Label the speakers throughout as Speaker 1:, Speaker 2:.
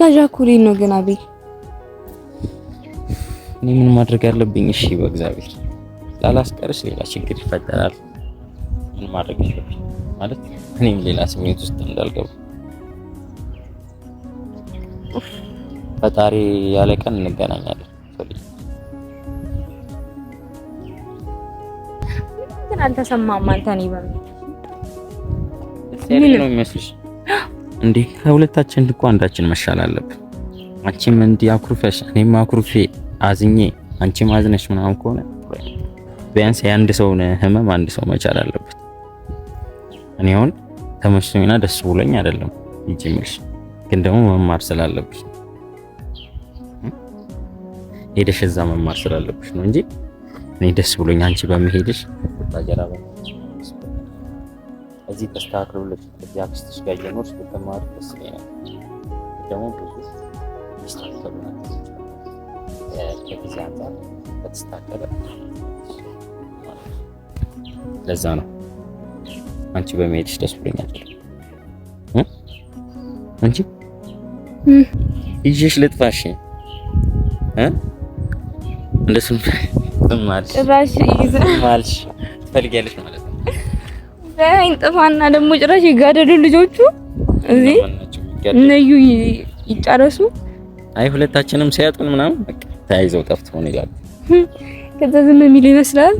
Speaker 1: ታጃኩሪን ነው ግን አቤል
Speaker 2: እኔ ምን ማድረግ አለብኝ? እሺ በእግዚአብሔር ላላስቀርሽ ሌላ ችግር ይፈጠራል። ምን ማድረግ አለብኝ ማለት እኔም ሌላ ስሜት ውስጥ እንዳልገባ ፈጣሪ ያለ ቀን እንገናኛለን።
Speaker 1: ግን አልተሰማም። አንተ ነው
Speaker 2: የሚመስልሽ እንዴ ከሁለታችን እኮ አንዳችን መሻል አለብን። አንቺም እንዲህ አኩርፈሽ እኔም አኩርፌ አዝኜ አንቺም አዝነሽ ምናምን ከሆነ ቢያንስ የአንድ ሰውን ህመም አንድ ሰው መቻል አለበት። እኔ አሁን ተመችቶኝና ደስ ብሎኝ አይደለም ሂጂ የምልሽ፣ ግን ደግሞ መማር ስላለብሽ ሄደሽ እዛ መማር ስላለብሽ ነው እንጂ እኔ ደስ ብሎኝ አንቺ በመሄድሽ ታጀራባ እዚህ ተስተካክሎ እዚህ አክስትሽ ጋር እየኖርሽ ብትማሪ ደስ ይለኛል። ደግሞ ብዙ ሚስተካከሉ ናቸው። ከጊዜ አንጻር ከተስተካከለ ለዛ ነው አንቺ በመሄድሽ ደስ ብሎኛል። አንቺ ይዤሽ ልጥፋሽ እንደሱ ማልሽ ማልሽ ትፈልጊያለሽ ነው
Speaker 1: አይንጥፋና ደግሞ ጭራሽ ይጋደሉ ልጆቹ እዚህ ነዩ ይጨረሱ።
Speaker 2: አይ ሁለታችንም ሲያጡን ምናምን በቃ ተያይዘው ጠፍቶ ነው ይላል።
Speaker 1: ከዛ ዝም የሚል ይመስላል።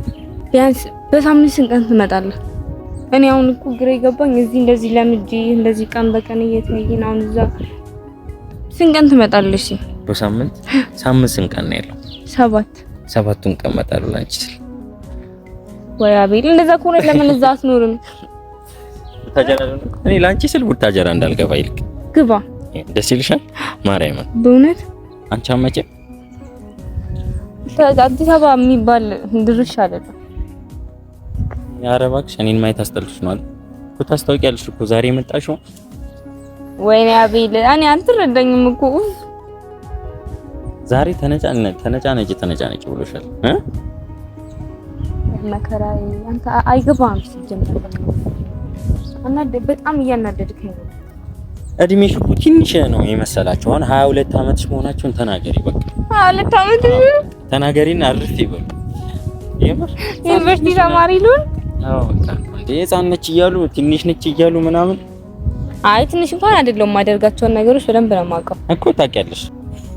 Speaker 1: ቢያንስ በሳምንት ስንት ቀን ትመጣለህ? እኔ አሁን እኮ ግሬ የገባኝ እዚህ እንደዚህ ለምጄ እንደዚህ ቀን በቀን እየተይን አሁን እዛ ስንት ቀን ትመጣለሽ?
Speaker 2: በሳምንት ሳምንት ስንት ቀን ነው ያለው? ሰባት ሰባቱን ቀን እመጣለሁ ላንቺ
Speaker 1: ወይ አቤል፣ እንደዛ ከሆነ ለምን እዛ አትኖርም?
Speaker 2: እኔ ለአንቺ ስል ቡታጀራ እንዳልገባ ይልቅ ግባ። ደስ ይልሻል? ማርያም፣ በእውነት አንቺ አትመጭም።
Speaker 1: አዲስ አበባ የሚባል ድርሻ አይደለም።
Speaker 2: ኧረ እባክሽ እኔን ማየት አስጠልቶሽ ነው አይደል? እኮ ታስታውቂያለሽ እኮ ዛሬ የመጣሽው።
Speaker 1: ወይኔ አቤል፣ እኔ አልተረዳኝም እኮ
Speaker 2: ዛሬ ተነጫነጭ ተነጫነጭ ተነጫነጭ ብሎሻል እ
Speaker 1: መከራ አንተ አይገባም ሲጀምር አናደ በጣም እያናደድከኝ ነው።
Speaker 2: እድሜሽ እኮ ትንሽ ነው የመሰላችሁ። አሁን 22 ዓመትሽ መሆናችሁን ተናገሪ። በቃ 22 ዓመት ተናገሪና አርፍ ይበሉ።
Speaker 1: ዩኒቨርሲቲ ተማሪ ሉን
Speaker 2: ህፃን ነች እያሉ ትንሽ ነች እያሉ ምናምን።
Speaker 1: አይ ትንሽ እንኳን አይደለም። የማደርጋቸውን ነገሮች በደንብ ነው የማውቀው
Speaker 2: እኮ ታውቂያለሽ።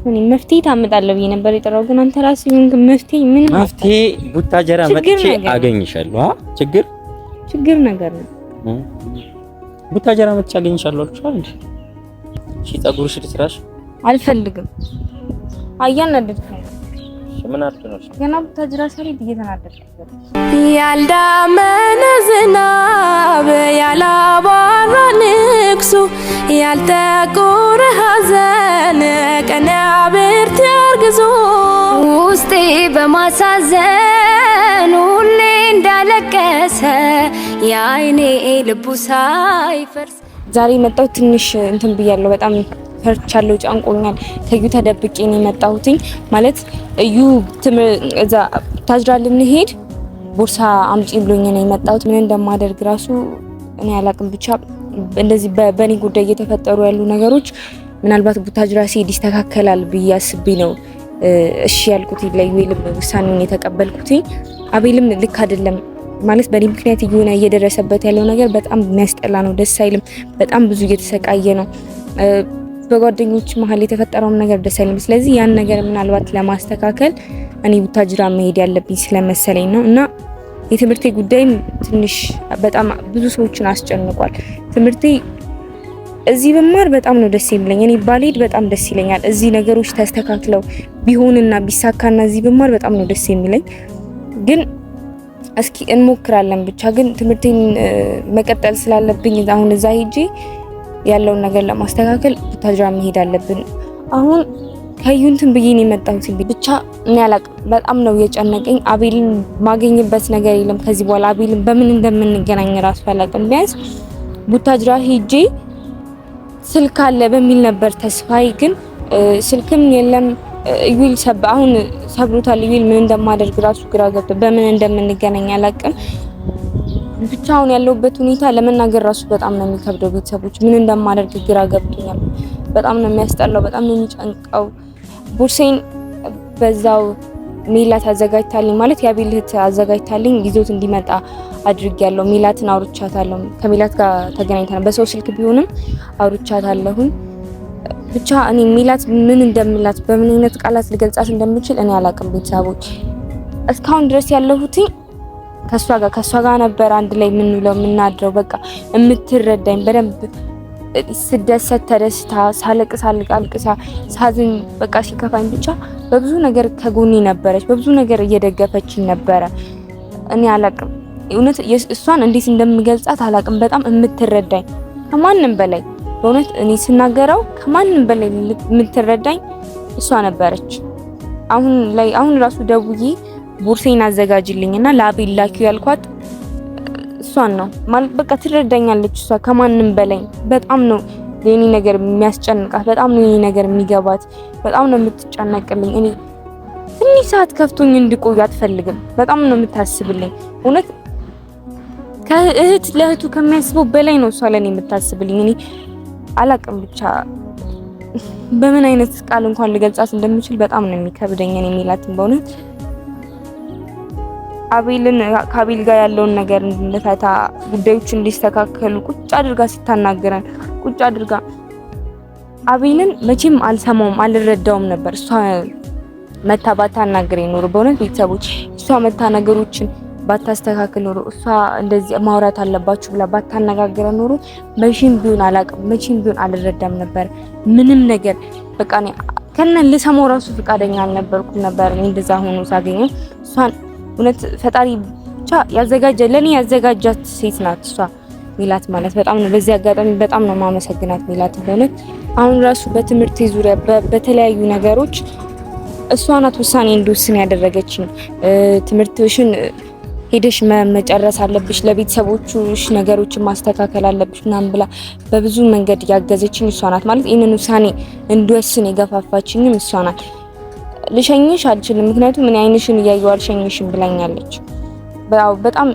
Speaker 1: እኔ መፍትሄ ታመጣለህ ብዬ ነበር የጠራው፣ ግን አንተ ራስህ ይሁን መፍትሄ ምን
Speaker 2: መፍትሄ ጀራ መጥቼ አገኝሻለሁ። አ ችግር
Speaker 1: ችግር ነገር ነው።
Speaker 2: ቡታ ጀራ መጥቼ አገኝሻለሁ አልኩሻል እንዴ? እሺ፣ ፀጉርሽ ልስራሽ።
Speaker 1: አልፈልግም። አያናደድከኝ።
Speaker 2: እሺ፣ ምን አድርግ ነው
Speaker 1: ገና ጀራ ሰሪ ብዬ ተናደድኩ። ያልዳመን ያልጠቆረ ሐዘን ቀና ብርት ያርግዞ ውስጤ በማሳዘን ሁሌ እንዳለቀሰ የአይኔ ልቡ ሳይፈርስ ዛሬ መጣው ትንሽ እንትን ብያለሁ። በጣም ፈርቻለሁ፣ ጫንቆኛል። ከዩ ተደብቄ ነው የመጣሁትኝ። ማለት እዩ እዛ ታጅራ ልንሄድ ቦርሳ አምጪ ብሎኝ ነው የመጣሁት። ምን እንደማደርግ ራሱ እኔ አላቅም ብቻ እንደዚህ በእኔ ጉዳይ እየተፈጠሩ ያሉ ነገሮች ምናልባት ቡታጅራ ሲሄድ ይስተካከላል ብዬ አስቤ ነው እሺ ያልኩት ለዩኤልም ውሳኔውን የተቀበልኩት። አቤልም ልክ አይደለም ማለት በእኔ ምክንያት እየሆነ እየደረሰበት ያለው ነገር በጣም የሚያስጠላ ነው። ደስ አይልም። በጣም ብዙ እየተሰቃየ ነው። በጓደኞች መሀል የተፈጠረውም ነገር ደስ አይልም። ስለዚህ ያን ነገር ምናልባት ለማስተካከል እኔ ቡታጅራ መሄድ ያለብኝ ስለመሰለኝ ነው እና የትምህርቴ ጉዳይም ትንሽ በጣም ብዙ ሰዎችን አስጨንቋል። ትምህርቴ እዚህ ብማር በጣም ነው ደስ የሚለኝ። እኔ ባልሄድ በጣም ደስ ይለኛል። እዚህ ነገሮች ተስተካክለው ቢሆንና ቢሳካና እዚህ ብማር በጣም ነው ደስ የሚለኝ። ግን እስኪ እንሞክራለን ብቻ። ግን ትምህርቴን መቀጠል ስላለብኝ አሁን እዛ ሄጄ ያለውን ነገር ለማስተካከል ቡታጅራ መሄድ አለብን አሁን ከዩንትን ብዬ ነው የመጣሁት። ብቻ እኔ አላቅም፣ በጣም ነው የጨነቀኝ። አቤልን ማገኝበት ነገር የለም ከዚህ በኋላ አቤልን በምን እንደምንገናኝ ራሱ አላቅም። ቢያንስ ቡታጅራ ሂጄ ስልክ አለ በሚል ነበር ተስፋዬ፣ ግን ስልክም የለም። እዩል አሁን ሰብሮታል። እዩል ምን እንደማደርግ ራሱ ግራ ገብቶ በምን እንደምንገናኝ አላቅም። ብቻ አሁን ያለሁበት ሁኔታ ለመናገር ራሱ በጣም ነው የሚከብደው። ቤተሰቦች ምን እንደማደርግ ግራ ገብቶኛል። በጣም ነው የሚያስጠላው። በጣም ነው የሚጨንቀው። ቦርሴን በዛው ሜላት አዘጋጅታልኝ ማለት የአቤል እህት አዘጋጅታልኝ ይዞት እንዲመጣ ያለው ሜላትን አውርቻታለሁ። ከሜላት ጋር ተገናኝተናል። በሰው ስልክ ቢሆንም አውርቻታለሁኝ። ብቻ እኔ ሜላት ምን እንደምላት በምን አይነት ቃላት ልገልጻት እንደምችል እኔ አላቅም። ቤተሰቦች እስካሁን ድረስ ያለሁትኝ ከእሷ ጋር ከእሷ ጋር ነበር አንድ ላይ የምንውለው የምናድረው። በቃ የምትረዳኝ በደንብ ስደሰት ተደስታ፣ ሳለቅስ አልቃልቅሳ፣ ሳዝን በቃ ሲከፋኝ ብቻ በብዙ ነገር ከጎኔ ነበረች። በብዙ ነገር እየደገፈችን ነበረ። እኔ አላቅም እውነት እሷን እንዴት እንደምገልጻት አላቅም። በጣም የምትረዳኝ ከማንም በላይ በእውነት እኔ ስናገረው ከማንም በላይ የምትረዳኝ እሷ ነበረች። አሁን ላይ አሁን ራሱ ደውዬ ቦርሴን አዘጋጅልኝና ላቤ ላኪው ያልኳት እሷን ነው ማለት በቃ ትረዳኛለች። እሷ ከማንም በላይ በጣም ነው የኔ ነገር የሚያስጨንቃት፣ በጣም ነው የኔ ነገር የሚገባት፣ በጣም ነው የምትጨነቅልኝ። እኔ ትንሽ ሰዓት ከፍቶኝ እንድቆይ አትፈልግም። በጣም ነው የምታስብልኝ። እውነት ከእህት ለእህቱ ከሚያስበው በላይ ነው እሷ ለእኔ የምታስብልኝ። እኔ አላቅም ብቻ በምን አይነት ቃል እንኳን ልገልጻት እንደምችል በጣም ነው የሚከብደኝ እኔ የሚላትን በእውነት አቤልን ከአቤል ጋር ያለውን ነገር እንድንፈታ ጉዳዮች እንዲስተካከሉ ቁጭ አድርጋ ስታናግረን ቁጭ አድርጋ አቤልን መቼም አልሰማውም አልረዳውም ነበር። እሷ መታ ባታናግረኝ ኖሮ በእውነት ቤተሰቦች እሷ መታ ነገሮችን ባታስተካክል ኖሮ እሷ እንደዚህ ማውራት አለባችሁ ብላ ባታነጋግረ ኖሮ መቼም ቢሆን አላቅም መቼም ቢሆን አልረዳም ነበር ምንም ነገር በቃ ከነ ልሰማው ራሱ ፈቃደኛ አልነበርኩም ነበር እንደዛ ሆኖ ሳገኘ እሷን እውነት ፈጣሪ ብቻ ያዘጋጀ ለእኔ ያዘጋጃት ሴት ናት እሷ ሚላት ማለት በጣም ነው። በዚህ አጋጣሚ በጣም ነው ማመሰግናት ሚላት በእውነት አሁን ራሱ በትምህርት ዙሪያ በተለያዩ ነገሮች እሷ ናት ውሳኔ እንድወስን ያደረገችኝ። ትምህርትሽን ሄደሽ መጨረስ አለብሽ፣ ለቤተሰቦችሽ ነገሮችን ማስተካከል አለብሽ ምናምን ብላ በብዙ መንገድ ያገዘችኝ እሷ ናት ማለት ይህንን ውሳኔ እንድወስን የገፋፋችኝም እሷ ናት። ልሸኝሽ አልችልም፣ ምክንያቱም እኔ አይንሽን እያየሁ አልሸኝሽም ብላኛለች። በጣም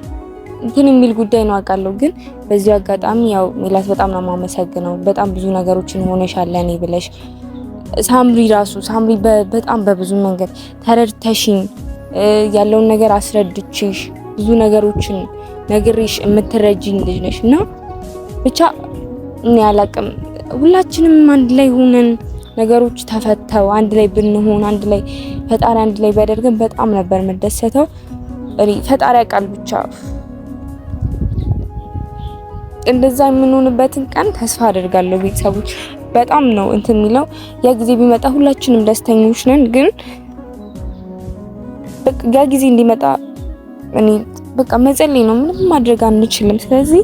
Speaker 1: እንትን የሚል ጉዳይ ነው አውቃለሁ። ግን በዚህ አጋጣሚ ያው ሜላት በጣም ነው የማመሰግነው። በጣም ብዙ ነገሮችን ሆነሻል ለእኔ ብለሽ ሳምሪ ራሱ ሳምሪ በጣም በብዙ መንገድ ተረድተሽኝ ያለውን ነገር አስረድችሽ ብዙ ነገሮችን ነግሬሽ የምትረጅኝ ልጅ ነሽ እና ብቻ እኔ አላቅም ሁላችንም አንድ ላይ ሆነን ነገሮች ተፈተው አንድ ላይ ብንሆን አንድ ላይ ፈጣሪ አንድ ላይ ቢያደርግን በጣም ነበር የምደሰተው። እኔ ፈጣሪ ያውቃል ብቻ እንደዛ የምንሆንበትን ቀን ተስፋ አደርጋለሁ። ቤተሰቦች በጣም ነው እንትን የሚለው ያ ጊዜ ቢመጣ ሁላችንም ደስተኞች ነን፣ ግን ያጊዜ ያ ጊዜ እንዲመጣ እኔ በቃ መጸለይ ነው። ምንም ማድረግ አንችልም። ስለዚህ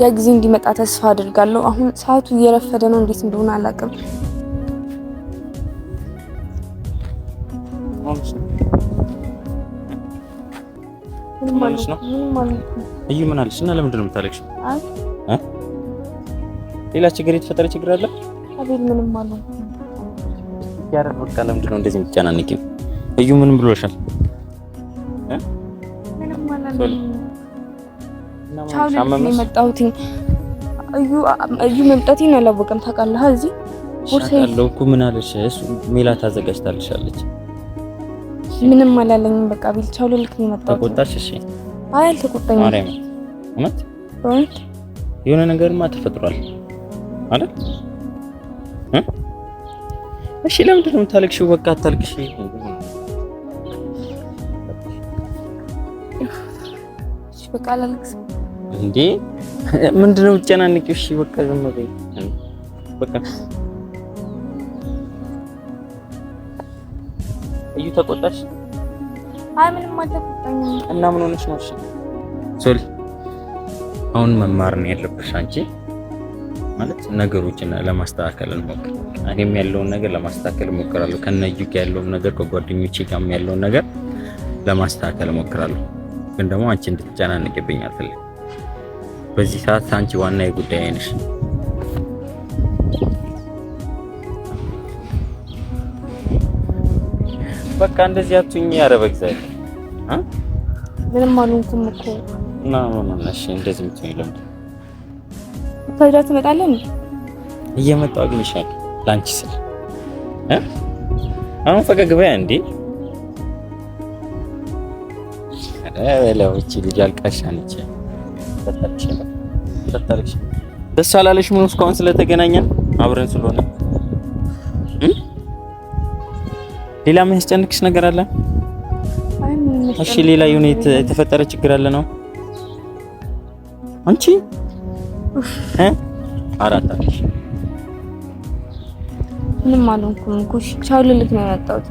Speaker 1: ያ ጊዜ እንዲመጣ ተስፋ አድርጋለሁ። አሁን ሰዓቱ እየረፈደ ነው፣ እንዴት እንደሆነ አላውቅም።
Speaker 2: ይህ ምን አለች እና ለምንድን ነው የምታለቅሽ? ሌላ ችግር የተፈጠረ ችግር አለ?
Speaker 1: አቤል ምንም አለ
Speaker 2: ያረ በቃ ለምንድን ነው እንደዚህ የምትጨናነቂው? እዩ ምንም ብሎሻል?
Speaker 1: ምንም አላለም። ታሁን የመጣሁት እዩ እዩ መምጣቴን አላወቀም። ታውቃለህ እዚህ
Speaker 2: ምን አለሽ? እሱ ሜላት አዘጋጅታልሻለች።
Speaker 1: ምንም አላለኝም። በቃ ቢልቻው ልልክ ነው የመጣሁት። ተቆጣሽ? እሺ። አይ አልተቆጣኝም።
Speaker 2: ማርያም እውነት እውነት የሆነ ነገርማ ተፈጥሯል አይደል? እሺ ለምንድን ነው የምታለቅሽው? በቃ አታልቅሽ።
Speaker 1: በቃ አላለቅስም
Speaker 2: እንዴ ምንድነው ጨናንቂው? እሺ በቃ ዝም በይ በቃ እዩ ተቆጣሽ?
Speaker 1: አይ ምንም አልተቆጣኝም።
Speaker 2: እና ምን ሆነሽ ነው? እሺ ሶሊ አሁን መማር ነው ያለብሽ አንቺ ማለት ነገሮችን ለማስተካከል እንሞክር። እኔም ያለውን ነገር ለማስተካከል እሞክራለሁ። ከነዩ ጋር ያለውን ነገር ከጓደኞቼ ያለውን ነገር ለማስተካከል እሞክራለሁ። ግን ደግሞ አንቺ እንድትጨናነቅብኝ አልፈልግም። በዚህ ሰዓት አንቺ ዋና የጉዳይ አይነሽ። ነው። በቃ እንደዚህ አትሁኝ። ኧረ በእግዚአብሔር
Speaker 1: ምንም አልሆንኩም እኮ
Speaker 2: ና ና ነሽ እንደዚህ የምትሆኝ ለምን?
Speaker 1: ከዛ ትመጣለህ።
Speaker 2: እየመጣሁ አግኝሻለሁ ላንቺ ስል እ አሁን ፈገግ በያ እንዴ። ኧረ በለው ልጅ አልቃሻ ነች። ደስ አላለሽ? ምን እስካሁን ስለተገናኘን አብረን ስለሆነ ሌላ የሚያስጨንቅሽ ነገር አለ? እሺ፣ ሌላ የሆነ የተፈጠረ ችግር አለ ነው? አንቺ እ አራት አለሽ?
Speaker 1: ምንም አልሆንኩም እኮ። ቻው ልልክ ነው የመጣሁት።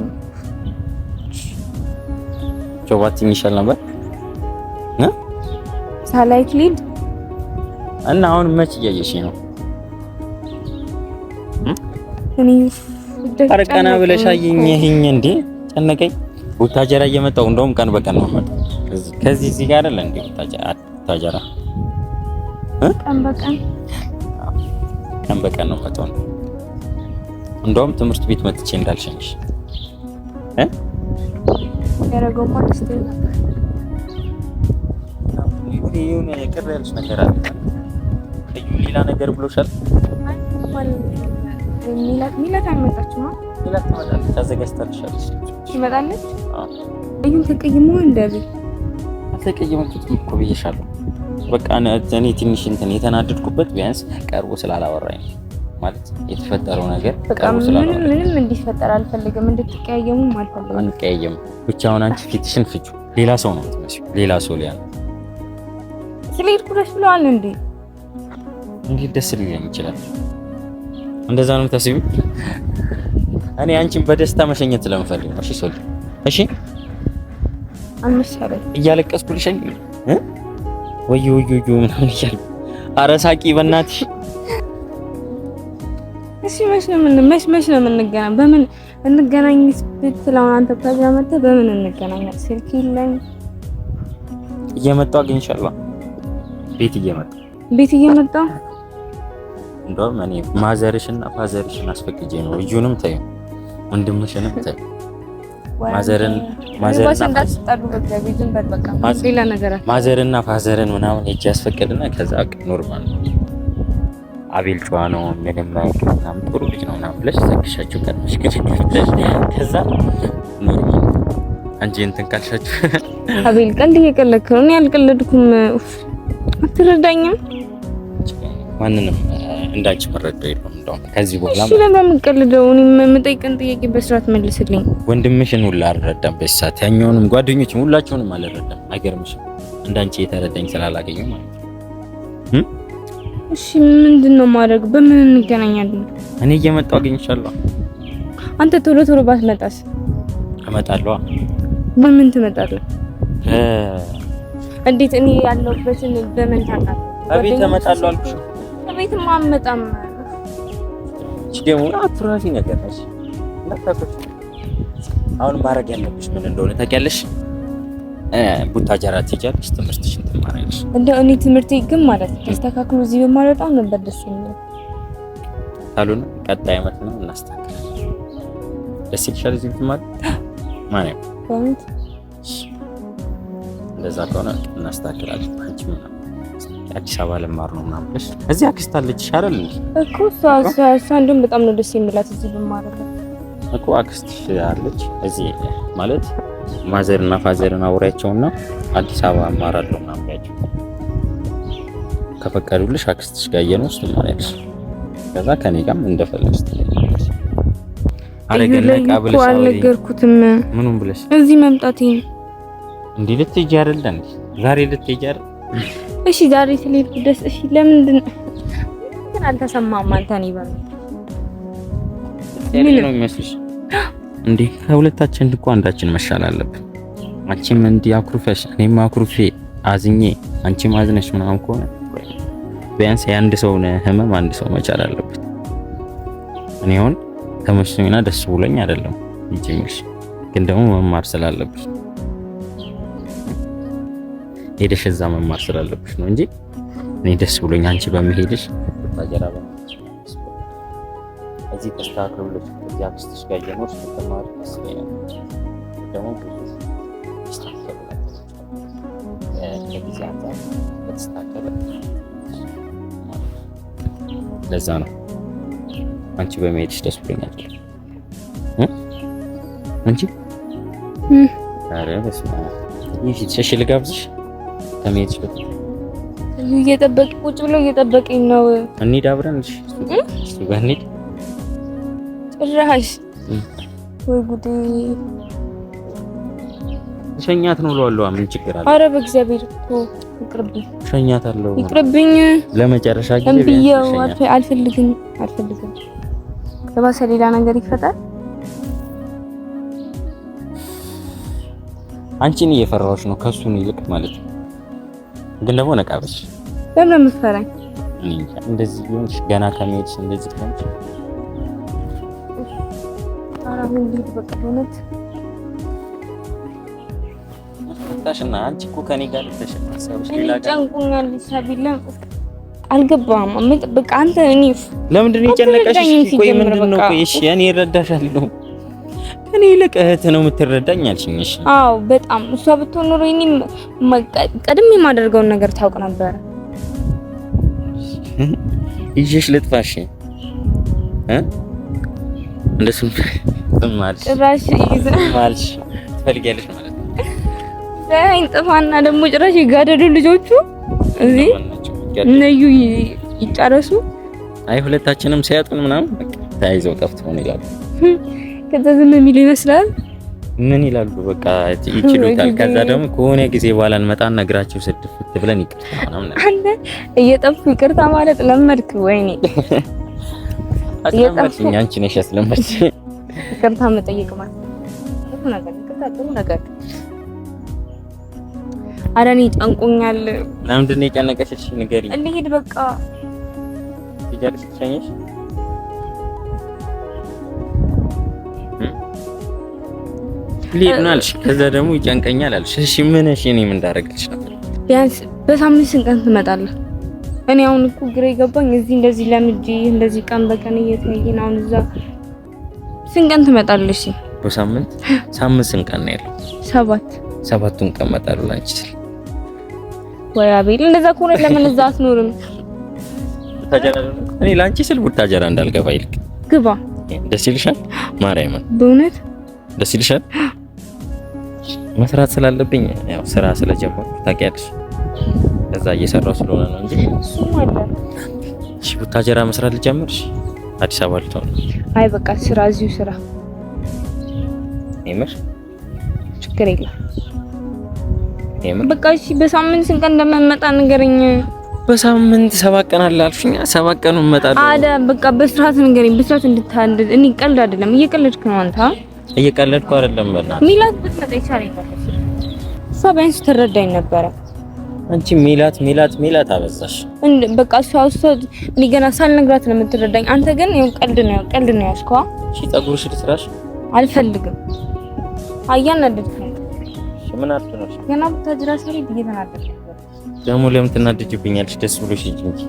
Speaker 2: ጆባት ይሻል ነበር እ
Speaker 1: ሳላይክ ሊድ
Speaker 2: እና አሁን መች እያየሽ ነው? እኔ ቀና ብለሽ አየኝ ይሄኝ እንዴ ጨነቀኝ። ቡታጀራ እየመጣሁ እንደውም ቀን በቀን ነው ማለት ከዚህ እዚህ ጋር አይደል እንዴ ቡታጀራ ቀን በቀን ቀን በቀን ነው መጣው። እንደውም ትምህርት ቤት መጥቼ እንዳልሸኝሽ እ
Speaker 1: ያረጋው ማለት ነው
Speaker 2: አንድ የሆነ ቅር ያለች ነገር አለ። እዩ ሌላ ነገር ብሎሻል?
Speaker 1: ሚላት ሚላት አልመጣችም።
Speaker 2: ሚላት ትመጣለች፣ ታዘጋጅታለች።
Speaker 1: ትመጣለች። እዩን ተቀይሞ
Speaker 2: እኮ ብዬሻለሁ። በቃ እኔ ትንሽ እንትን የተናደድኩበት ቢያንስ ቀርቦ ስላላወራኝ ማለት የተፈጠረው ነገር
Speaker 1: ምንም ምንም እንዲፈጠር አልፈልግም። እንድትቀያየሙም አልፈልግም።
Speaker 2: አንቀያየም ብቻ አሁን አንቺ ፊትሽን ፍጩ። ሌላ ሰው ነው የምትመስለው። ሌላ ሰው ሊያ ነው
Speaker 1: ስለሄድኩ ደስ ብለዋል እንዴ?
Speaker 2: እንዴት ደስ ሊለኝ ይችላል? እንደዛ ነው የምታስቢው? እኔ አንቺን በደስታ መሸኘት ስለምፈልግ ነው። እሺ ሶሊ፣ እሺ አምሳለ እያለቀስኩ እ ወይ ወይ ወይ ምናምን እያልኩ ኧረ ሳቂ በእናትሽ።
Speaker 1: እሺ መች ነው ምን መች መች ነው የምንገናኝ? በምን እንገናኝ ስትል አንተ ፕሮግራም መጥተህ በምን እንገናኛለን? ስልክ የለኝ።
Speaker 2: እየመጣሁ አግኝሻለሁ ቤት እየመጣ ቤት እየመጣ እንደውም እኔ ማዘርሽና ፋዘርሽን አስፈቅጄ ነው እዩንም ተይው ወንድምሽንም ተይው ማዘርን ማዘርና ፋዘርን ምናምን ሄጄ ያስፈቅድና ከዛ ኖርማል ነው። አቤል ጨዋ ነው ምንም ምናምን ጥሩ ልጅ ነው ምናምን ብለሽ ዘግሻችሁ ቀድመሽ ከዛ ኖርማል እንጂ እንትን ካልሻችሁ
Speaker 1: አቤል ቀልድ እየቀለድክ ነው። እኔ አልቀለድኩም። አትረዳኝም።
Speaker 2: ማንንም እንዳንቺ መረዳው የለም። እንደውም ከዚህ በኋላ
Speaker 1: እሺ፣ ለማምቀልደው እኔ የምጠይቅን ጥያቄ በስርዓት መልስልኝ።
Speaker 2: ወንድምሽን ሁላ አልረዳም፣ በሳት ያኛውንም ጓደኞችም ሁላቸውንም አልረዳም። አይገርምሽም? እንዳንቺ የተረዳኝ ስላላገኘው ማለት ነው።
Speaker 1: እሺ፣ ምንድን ነው ማድረግ? በምን እንገናኛለን?
Speaker 2: እኔ እየመጣሁ አገኝሻለሁ።
Speaker 1: አንተ ቶሎ ቶሎ ባትመጣስ? እመጣለሁ። በምን ትመጣለህ? እንዴት እኔ ያለሁበትን በምን ታውቃለህ?
Speaker 2: እቤት እመጣለሁ አልኩሽ።
Speaker 1: እቤትማ ማመጣም
Speaker 2: እሺ ደግሞ አትራፊ ነገር ነሽ። አሁን ማድረግ ያለብሽ ምን እንደሆነ ታውቂያለሽ። ቡታጀራ ትሄጃለሽ፣ ትምህርትሽን ትማሪያለሽ።
Speaker 1: እንደው እኔ ትምህርቴ ግን ማለት ተስተካክሎ እዚህ ብማር በጣም ነበር ደስ የሚለው።
Speaker 2: ካልሆነ ቀጣይ ዓመት ነው እናስተካክል። ደስ ይልሻል እዚህ ብትማሪ ማርያም እንደዛ ከሆነ እናስተካክላለን። አንቺ አዲስ አበባ ልማር ነው ምናምን ብለሽ እዚህ አክስት አለችሽ አይደል
Speaker 1: እኮ እሷ እንደውም በጣም ነው ደስ የሚላት እዚህ ብማር
Speaker 2: እኮ አክስት አለች እዚህ ማለት ማዘርና ፋዘርን አውሪያቸውና አዲስ አበባ እማራለሁ ምናምን ብያቸው ከፈቀዱልሽ አክስትሽ ጋር የነው ውስጥ ማለት ከዛ ከኔ ጋርም እንደፈለግሽ ትለኛለሽ።
Speaker 1: ብለሽ አልነገርኩትም ምኑን ብለሽ እዚህ መምጣቴ ነው
Speaker 2: እንዲህ ልትሄጂ አይደለ? እንዴ ዛሬ ልትሄጂ አይደል?
Speaker 1: እሺ ዛሬ ስለሄድኩ ደስ እሺ። ለምንድን ግን አልተሰማም? አንተ ነው ይበል
Speaker 2: ምን ነው የሚመስልሽ? እንዴ ከሁለታችን እኮ አንዳችን መሻል አለብን። አንቺም እንዲህ አኩርፈሽ እኔም አኩርፌ አዝኜ አንቺም አዝነሽ ምናምን ከሆነ ቢያንስ የአንድ ሰውን ህመም አንድ ሰው መቻል አለበት። እኔ አሁን ተመስሎኝና ደስ ብሎኝ አይደለም ይጭምሽ፣ ግን ደግሞ መማር ስላለብሽ ሄደሽ እዛ መማር ስላለብሽ ነው እንጂ እኔ ደስ ብሎኝ አንቺ በመሄድሽ ታጀራ እዚህ ተስተካክሎልሽ እዚያ አክስትሽ ጋር እየኖርሽ ተማሪ ደስ ይለኛል። ደግሞ ለዛ ነው አንቺ በመሄድሽ ደስ ብሎኛል። አንቺ ኧረ በስመ አብ ይሄ ልጋብዝሽ ከመሄድ ሸጥ
Speaker 1: እየጠበቅ ቁጭ ብለው እየጠበቀኝ ነው።
Speaker 2: እንሂድ አብረን። እሺ እሱ ጋር እንሂድ።
Speaker 1: ጭራሽ ወይ ጉዴ!
Speaker 2: ሸኛት ነው እለዋለሁ። ምን ችግር አለ?
Speaker 1: ኧረ በእግዚአብሔር እኮ
Speaker 2: ይቅርብኝ። ሸኛታለሁ። ይቅርብኝ። ለመጨረሻ ጊዜ
Speaker 1: እምብዬው አልፈልግም፣ አልፈልግም። የባሰ ሌላ ነገር ይፈጠር።
Speaker 2: አንቺን እየፈራሁሽ ነው ከእሱን ይልቅ ማለት ነው ግን ደግሞ ነቃበች።
Speaker 1: ለምን የምትፈራኝ?
Speaker 2: እንደዚህ ገና ከመሄድሽ እንደዚህ ከሆንሽ እና አንቺ እኮ ከኔ ጋር
Speaker 1: አልገባም። በቃ አንተ እኔ
Speaker 2: ለምንድን ነው የጨነቀሽ? ቆይ ምንድን ነው? እሺ እኔ እረዳሻለሁ እኔ ይልቅ እህት ነው የምትረዳኝ አልሽኝ። እሺ፣
Speaker 1: አዎ በጣም እሷ ብትሆን ኖሮ እኔ ቀድሜ የማደርገውን ነገር ታውቅ ነበር።
Speaker 2: ይዤሽ ልጥፋሽ እ እንደሱም ጥማልሽ ጭራሽ ማልሽ ትፈልጊያለሽ ማለት
Speaker 1: ነው። አይ ጥፋና ደግሞ ጭራሽ የጋደሉ ልጆቹ እዚህ እነዩ ይጫረሱ።
Speaker 2: አይ ሁለታችንም ሲያጡን ምናምን ተያይዘው ጠፍተው ነው ይላሉ።
Speaker 1: ከዛ ዝም የሚል ይመስላል።
Speaker 2: ምን ይላሉ? በቃ ይችሉታል። ከዛ ደግሞ ከሆነ ጊዜ በኋላ እንመጣ ነግራቸው ስድፍት ብለን
Speaker 1: ይቅርታ እየጠፉ ይቅርታ ማለት ለመድክ። ወይኔ አንቺ ነሽ ይቅርታ መጠየቅ ማለት ነገር ይቅርታ ጥሩ ነገር እኔ ጨንቆኛል።
Speaker 2: ለምንድን ነው የጨነቀሽ? ንገሪኝ። እንሂድ በቃ ሊሄድ ነው አልሽ፣ ከዛ ደግሞ ይጨንቀኛል አልሽ። እሺ ምን እሺ፣ እኔ ምን እንዳደርግ እችላለሁ?
Speaker 1: ቢያንስ በሳምንት ስንት ቀን ትመጣለህ? እኔ አሁን እኮ ግራ የገባኝ እዚህ እንደዚህ ለምጂ እንደዚህ ቀን በቀን እየተያየን አሁን እዛ ስንት ቀን እሺ
Speaker 2: በሳምንት ሳምንት ስንት ቀን ነው ያለው? ሰባት ሰባቱን ቀን እመጣለሁ አንቺ ስል
Speaker 1: ወይ አቤል፣ እንደዛ ከሆነ ለምን እዛ አትኖርም?
Speaker 2: እኔ ላንቺ ስል ቡታጀራ እንዳልገባ ይልቅ ግባ። ደስ ይልሻል? ማርያምን በእውነት ደስ ይልሻል? መስራት ስላለብኝ ያው ስራ ስለጀመርኩ ታውቂያለሽ፣ እዛ እየሰራው ስለሆነ ነው እንጂ እሺ፣ ቡታጀራ መስራት ልጀምርሽ? አዲስ አበባ ልትሆን?
Speaker 1: አይ በቃ ስራ እዚሁ ስራ። ይምር፣ ችግር የለም። የምር በቃ እሺ። በሳምንት ስንት ቀን እንደምመጣ ንገረኝ።
Speaker 2: በሳምንት ሰባት ቀን አለ አልሽኝ። ሰባት ቀኑ እመጣለሁ።
Speaker 1: አዳ በቃ በስርዓት ንገረኝ፣ በስርዓት እንድታንድ። እኔ ቀልድ አይደለም፣ እየቀለድክ ነው አንተ።
Speaker 2: እየቀለድኩ አይደለም።
Speaker 1: ሚላት ብትመጣ ይቻለኝ እሷ ቢያንስ ትረዳኝ ነበረ።
Speaker 2: አንቺ ሚላት ሚላት ሚላት አበዛሽ።
Speaker 1: በቃ እሷ እሷ እኔ ገና ሳልነግራት ነው የምትረዳኝ። አንተ ግን ይኸው ቀልድ ነው ቀልድ ነው ያዝከዋ።
Speaker 2: እሺ ፀጉርሽ ልስራሽ?
Speaker 1: አልፈልግም። አያናደድከኝ።
Speaker 2: እሺ ምን አርቱ ነው
Speaker 1: ገና ብታጅራ ሰሪ ብዬ ተናደድኩ።
Speaker 2: ደግሞ ለምን ትናደጅብኛለሽ? ደስ ብሎሽ እንጂ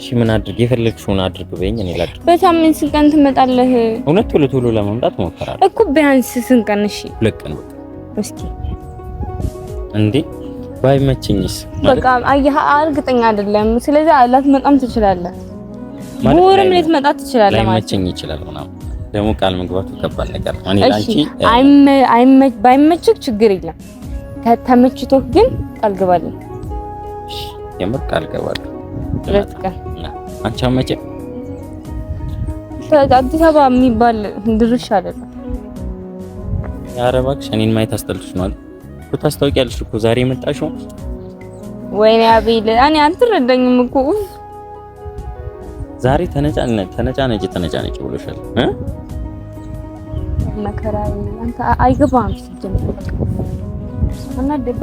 Speaker 2: እሺ ምን አድርግ የፈለግሽውን አድርግ በይኝ፣ እኔ ላድርግ።
Speaker 1: በሳምንት ስንት ቀን ትመጣለህ?
Speaker 2: እውነት ቶሎ ቶሎ ለመምጣት እሞክራለሁ
Speaker 1: እኮ ቢያንስ ስንት ቀን? እሺ ሁለት ቀን እስኪ።
Speaker 2: እንዴ ባይመችኝስ?
Speaker 1: በቃ አየህ፣ እርግጠኛ አይደለም። ስለዚህ ላትመጣም ትችላለህ፣ ወርም ልትመጣ ትችላለህ።
Speaker 2: ላይመችኝ ይችላል ምናምን። ደግሞ ቃል መግባቱ ከባድ ነገር ነው። እኔ ላንቺ
Speaker 1: አይመች ባይመችህ ችግር የለም። ተመችቶህ ግን ቃል ግባልኝ።
Speaker 2: የምር ቃል ገባለሁ ሁለት ቀን አንቺ አመቸኝ።
Speaker 1: አዲስ አበባ የሚባል ድርሻ አይደለም።
Speaker 2: ኧረ እባክሽ እኔን ማየት አስጠልቶሽ ነው አይደል? ታስታውቂያለሽ እኮ ዛሬ የመጣሽው።
Speaker 1: ወይኔ አቤል እኔ አልተረዳኝም እኮ
Speaker 2: ዛሬ ተነጫነጭ ተነጫነጭ ብሎሻል እ
Speaker 1: መከራ አይገባም።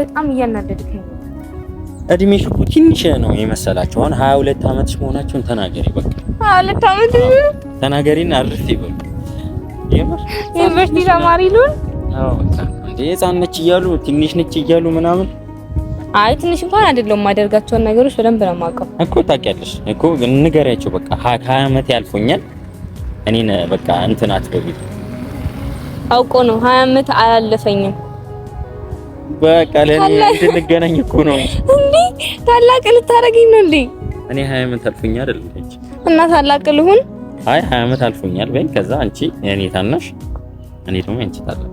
Speaker 1: በጣም እያናደድክ ነው
Speaker 2: እድሜሽ እኮ ትንሽ ነው የመሰላቸው። አሁን 22 አመትሽ መሆናቸውን ተናገሪ። በቃ 22 ዓመት ተናገሪን። አርፍ ይበሉ።
Speaker 1: ዩኒቨርሲቲ ተማሪ ልሁን?
Speaker 2: አዎ እንዴ ነች እያሉ ትንሽ ነች እያሉ ምናምን።
Speaker 1: አይ ትንሽ እንኳን አይደለም። ማደርጋቸውን ነገሮች በደንብ ነው የማውቀው
Speaker 2: እኮ። ታውቂያለሽ እኮ ንገሪያቸው። በቃ 20 ዓመት ያልፎኛል እኔ በቃ እንትን አትበሉ።
Speaker 1: አውቆ ነው 20 ዓመት አላለፈኝም
Speaker 2: በቃ ለኔ እንድንገናኝ እኮ ነው
Speaker 1: እንዴ? ታላቅ ልታረገኝ ነው እንዴ?
Speaker 2: እኔ ሀያ ዓመት አልፎኝ አይደል እንጂ
Speaker 1: እና ታላቅ ልሁን።
Speaker 2: አይ ሀያ ዓመት አልፎኛል በይ። ከዛ አንቺ የኔ ታናሽ፣ እኔ ደግሞ አንቺ ታላቅ።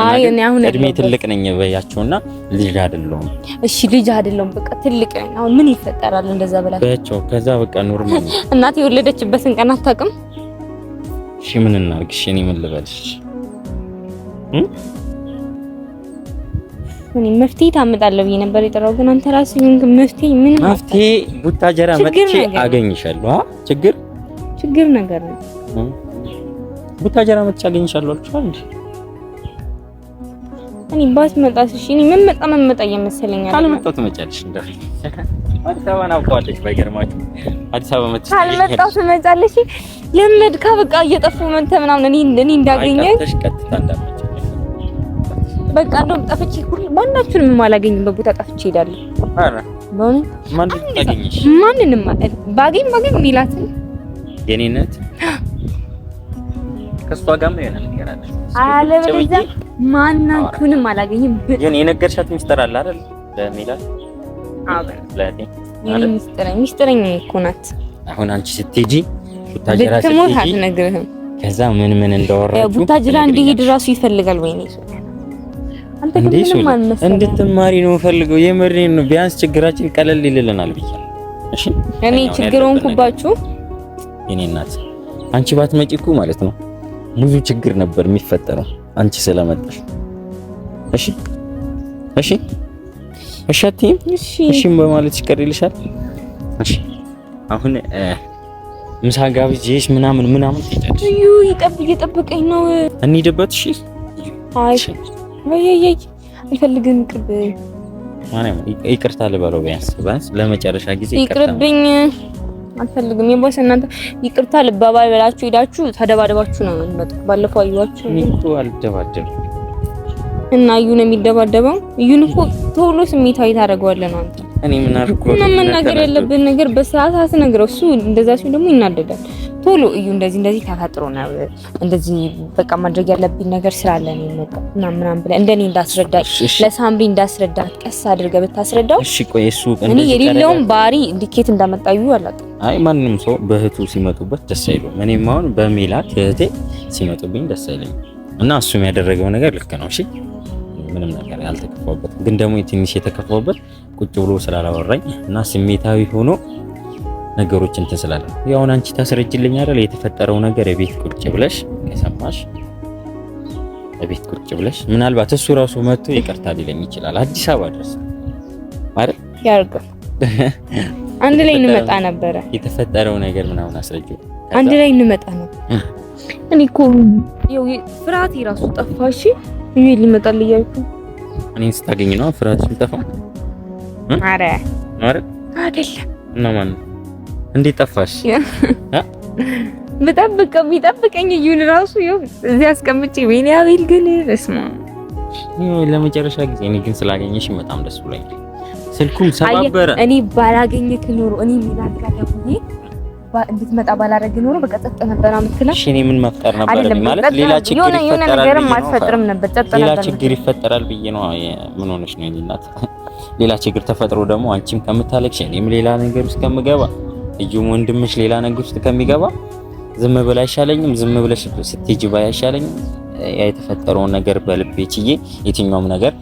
Speaker 1: አይ እኔ አሁን
Speaker 2: እድሜ ትልቅ ነኝ በያቸውና ልጅ አይደለሁም።
Speaker 1: እሺ ልጅ አይደለሁም፣ በቃ ትልቅ ነኝ። አሁን ምን ይፈጠራል እንደዛ ብላ
Speaker 2: በያቸው። ከዛ በቃ ኖርማል።
Speaker 1: እናቴ የወለደችበትን ቀን አታውቅም።
Speaker 2: እሺ ምን እናድርግ? እኔ ምን ልበልሽ?
Speaker 1: እኔ መፍትሄ ታመጣለህ ብዬ ነበር የጠራው፣ ግን አንተ ራስህ ግን መፍትሄ ምን
Speaker 2: መፍትሄ ጀራ መጥቼ አገኝሻለሁ። አ ችግር
Speaker 1: ችግር ነገር ነው።
Speaker 2: ቡታ ጀራ መጥቼ አገኝሻለሁ አልኩሻል እንዴ?
Speaker 1: እኔ ባትመጣስ? እሺ እኔ ምን መጣ ምን መጣ እየመሰለኛል።
Speaker 2: ካልመጣሁ ትመጫለሽ። እንዴ? አዲስ አበባ ናፍቀዋለች። ባይገርማችሁ አዲስ አበባ መጥቼ
Speaker 1: ካልመጣሁ ትመጫለሽ። ለምድካ በቃ እየጠፋሁ መተህ ምናምን እኔ እንዳገኘኝ ቀጥታ እንዳመጣ በቃ እንደውም ጠፍቼ ሁሉ ማናችሁንም የማላገኝበት ቦታ ጠፍቼ እሄዳለሁ። ታገኝሽ? ማንንም ባገኝ ባገኝ የሚላትን
Speaker 2: የኔነት ከሷ ጋር ምን ይሆናል እንገናለን።
Speaker 1: አለበለዚያ ማናችሁንም አላገኝም።
Speaker 2: የኔ የነገርሻት ሚስጥር አለ አይደል? ለሚላት
Speaker 1: አዎ፣ በሚላት ሚስጥረኛ እኮ ናት።
Speaker 2: አሁን አንቺ ስትሄጂ ብትሞት
Speaker 1: አትነግርህም።
Speaker 2: ከዛ ምን ምን እንዳወራችሁ
Speaker 1: ቡታጅራ እንዲሄድ እራሱ ይፈልጋል። ወይኔ
Speaker 2: እንድትማሪ ነው ፈልገው የምሬን ነው። ቢያንስ ችግራችን ቀለል ይልልናል ብዬ
Speaker 1: እኔ ችግር ሆንኩባችሁ።
Speaker 2: የኔ እናት አንቺ ባትመጪ እኮ ማለት ነው ብዙ ችግር ነበር የሚፈጠረው አንቺ ስለመጣሽ። እሺ እሺ እሺ አትይም? እሺም በማለት ይቀርልሻል። እሺ አሁን ምሳ ጋብዤሽ ምናምን ምናምን ትጫጭ
Speaker 1: እዩ ይጠብቀኝ ነው እንሂድበት። እሺ አይ ወይ አልፈልግም። ይቅርብኝ።
Speaker 2: ማንም ይቅርታ ልበለው ቢያንስ ቢያንስ ለመጨረሻ ጊዜ
Speaker 1: ይቅርብኝ። አልፈልግም። የባሰ እናንተ ይቅርታ ልባባል ብላችሁ ሄዳችሁ ተደባደባችሁ ነው ማለት ባለፈው አዩዋችሁ።
Speaker 2: እኮ አልደባደብም
Speaker 1: እና እዩ ነው የሚደባደበው። እዩን እኮ ቶሎ ስሜታዊ ታደርገዋለህ አንተ። እኔ ምን አድርጎ ነው መናገር ያለብን ነገር በሰዓት አትነግረው። እሱ እንደዛ ሲሆን ደግሞ ይናደዳል። ቶሎ እዩ እንደዚህ እንደዚህ ተፈጥሮ ነው እንደዚህ በቃ ማድረግ ያለብኝ ነገር ስላለ ነው የመጣው እና ምናምን ብለህ እንደኔ እንዳስረዳ ለሳምሪ እንዳስረዳ ቀስ አድርገህ ብታስረዳው። እሺ ቆይ እሱ እኔ የሌለውን ባህሪ እንዲኬት እንዳመጣ እንዳመጣዩ አላውቅም።
Speaker 2: አይ ማንም ሰው በእህቱ ሲመጡበት ደስ አይለውም። እኔም አሁን በሜላት እህቴ ሲመጡብኝ ደስ አይለኝ እና እሱም ያደረገው ነገር ልክ ነው። እሺ ምንም ነገር ያልተከፋበት ግን ደግሞ ትንሽ የተከፋበት ቁጭ ብሎ ስላላወራኝ እና ስሜታዊ ሆኖ ነገሮች እንትን ስላለ ያሁን አንቺ ታስረጅልኝ አይደል? የተፈጠረው ነገር የቤት ቁጭ ብለሽ ከሰማሽ የቤት ቁጭ ብለሽ ምናልባት እሱ ራሱ መጥቶ ይቅርታ ሊለኝ ይችላል። አዲስ አበባ ድረስ አይደል
Speaker 1: ያርገው አንድ ላይ እንመጣ ነበረ።
Speaker 2: የተፈጠረው ነገር ምናምን አስረጁ
Speaker 1: አንድ ላይ እንመጣ ነበር። እኔ እኮ ይኸው ፍርሃት የራሱ ጠፋሽ። ይሄ ሊመጣል እያልኩ
Speaker 2: እኔን ስታገኝ ነው ፍርሃት ሲጠፋ። አረ አረ አይደለም እና ማን ነው እንዴት ጠፋሽ?
Speaker 1: በጠብቀው የሚጠብቀኝ እዩን ራሱ እዚህ አስቀምጬ ወይኔ አቤል ግን እስማ
Speaker 2: ለመጨረሻ ጊዜ እኔ ግን ስላገኘሽ በጣም ደስ ብሎኛል። ስልኩም ሰባበረ።
Speaker 1: እኔ ባላገኘክ ኖሮ እኔ ሚላጋለ እንድትመጣ ባላረግ ኖሮ በቃ ጸጥ ነበር
Speaker 2: የምትለው። እሺ እኔ ምን መፍጠር ነበር ማለት ሌላ
Speaker 1: ችግር ይፈጠራል
Speaker 2: ሌላ ችግር ይፈጠራል ብዬ ነው። ምን ሆነሽ ነው? ሌላ ችግር ተፈጥሮ ደግሞ አንቺም ከምታለቅሽ እኔም ሌላ ነገር ውስጥ ከምገባ እዩም ወንድምሽ ሌላ ነገር ውስጥ ከሚገባ ዝም ብለ አይሻለኝም? ዝም ብለሽ ስትሄጂ ባይ አይሻለኝም? ያ የተፈጠረውን ነገር በልቤ ችዬ የትኛውም ነገር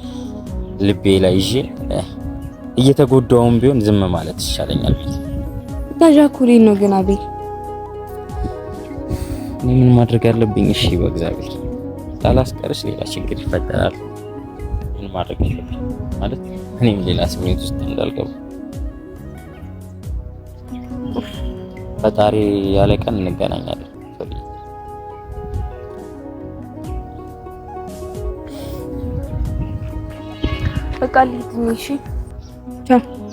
Speaker 2: ልቤ ላይ ይዤ እየተጎዳውም ቢሆን ዝም ማለት ይሻለኛል።
Speaker 1: ታጃኩሊን ነው ግን አቤል፣
Speaker 2: እኔ ምን ማድረግ አለብኝ? እሺ በእግዚአብሔር ላላስቀርሽ ሌላ ችግር ይፈጠራል። ምን ማድረግ አለብኝ ማለት እኔም ሌላ ስሜት ውስጥ እንዳልገባ ፈጣሪ ያለ ቀን እንገናኛለን።
Speaker 1: በቃ ልሂድ። እሺ ቻው።